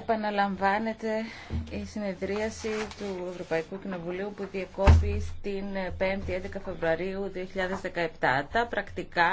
Επαναλαμβάνεται η συνεδρίαση του Ευρωπαϊκού Κοινοβουλίου που διεκόπη στην 5η 11 Φεβρουαρίου 2017. Τα πρακτικά